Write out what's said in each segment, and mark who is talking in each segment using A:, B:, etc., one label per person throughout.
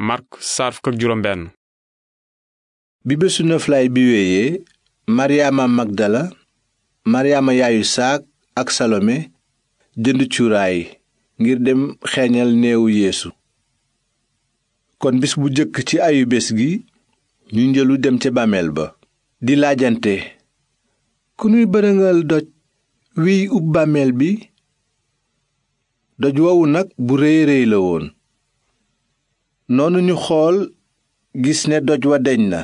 A: Mark saar fukk ak juróom benn bi bésu noflaay bi wéyee maryaama magdala maryaama yaayu saak ak salome jënd cuuraay ngir dem xeeñal neewu yeesu kon bis bu jëkk ci ayu bés gi ñu njëlu dem ca bàmmeel ba di laajante ku nuy bërëngal doj wiy ub bàmmeel bi doj wowu nag bu réy réy la woon noonu ñu xool gis ne doj wa deñ na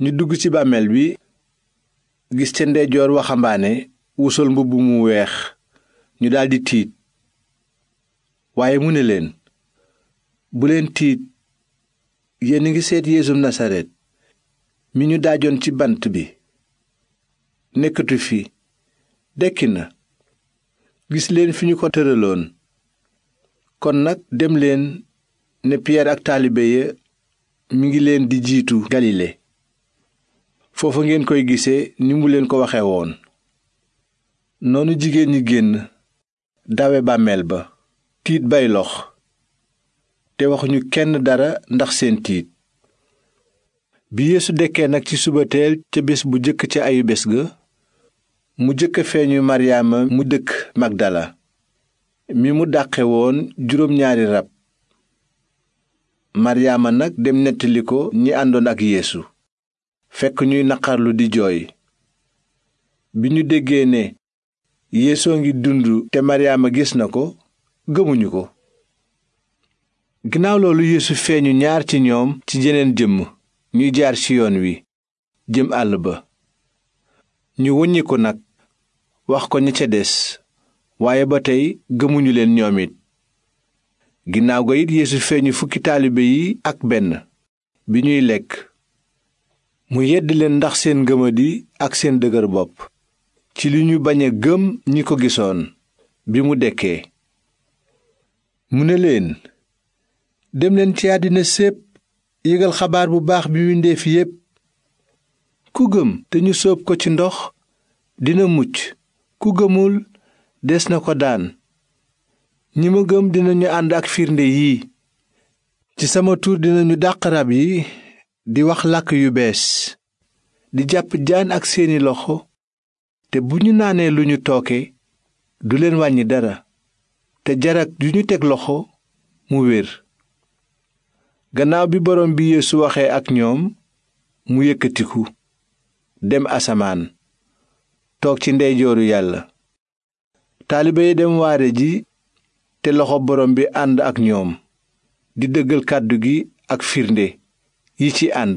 A: ñu dugg ci bàmmeel bi gis ca ndeyjoor waxambaane wu sol mbubb mu weex ñu daldi tiit waaye mu ni leen bu leen tiit yéen a ngi seet yeesum nasaret mi ñu daajoon ci bant bi nekkatu fi dekki na gis leen fi ñu ko tëraloon kon nag dem leen ne piyeer ak taalibe ya mi ngi leen di jiitu galile foofa ngeen koy gisee ni mu leen ko waxe woon noonu jigéen ñi génn dawe bàmmeel ba tiit bay lox te waxuñu kenn dara ndax seen tiit bi yéesu dekkee nag ci suba teel ca bés bu jëkk ca ayu bés ga mu jëkk feeñu maryaama mu dëkk magdala mi mu dàqe woon juróom ñaari rab maryaama nag dem nettali ko ñi àndoon ak yéesu fekk ñuy naqarlu di jooy bi ñu déggee ne yeesoo ngi dund te maryaama gis na ko gëmuñu ko ginnaaw loolu yeesu feeñu ñaar ci ñoom ci jeneen jëmm ñuy jaar ci yoon wi jëm àll ba ñu wëññi nag wax ko ña ca des waaye ba tey gëmuñu leen ñoom it ginnaaw ga it yeesu feeñu fukki taalibe yi ak benn bi ñuy lekk mu yedd leen ndax seen ngëmadi ak seen dëgër bopp ci li ñu bañ gëm ñi ko gisoon bi mu dekkee mu ne leen demleen ci àddina sépp yëgal xabaar bu baax bi mbindeef yépp ku gëm te ñu sóob ko ci ndox dina mucc ku gëmul des na ko daan ñi ma gëm dinañu ànd ak firnde yii ci sama tur dinañu dàq rab yi di wax làkk yu bees di jàpp jaan ak seeni loxo te bu ñu naanee lu ñu tooke du leen wàññi dara te jarak yu ñu teg loxo mu wér gannaaw bi borom bi yeesu waxee ak ñoom mu yëkkatiku dem asamaan toog ci ndeyjooru yàlla taalibe yi dem waare ji te loxo borom bi ànd ak ñoom di dëggal kàddu gi ak firnde yi ci ànd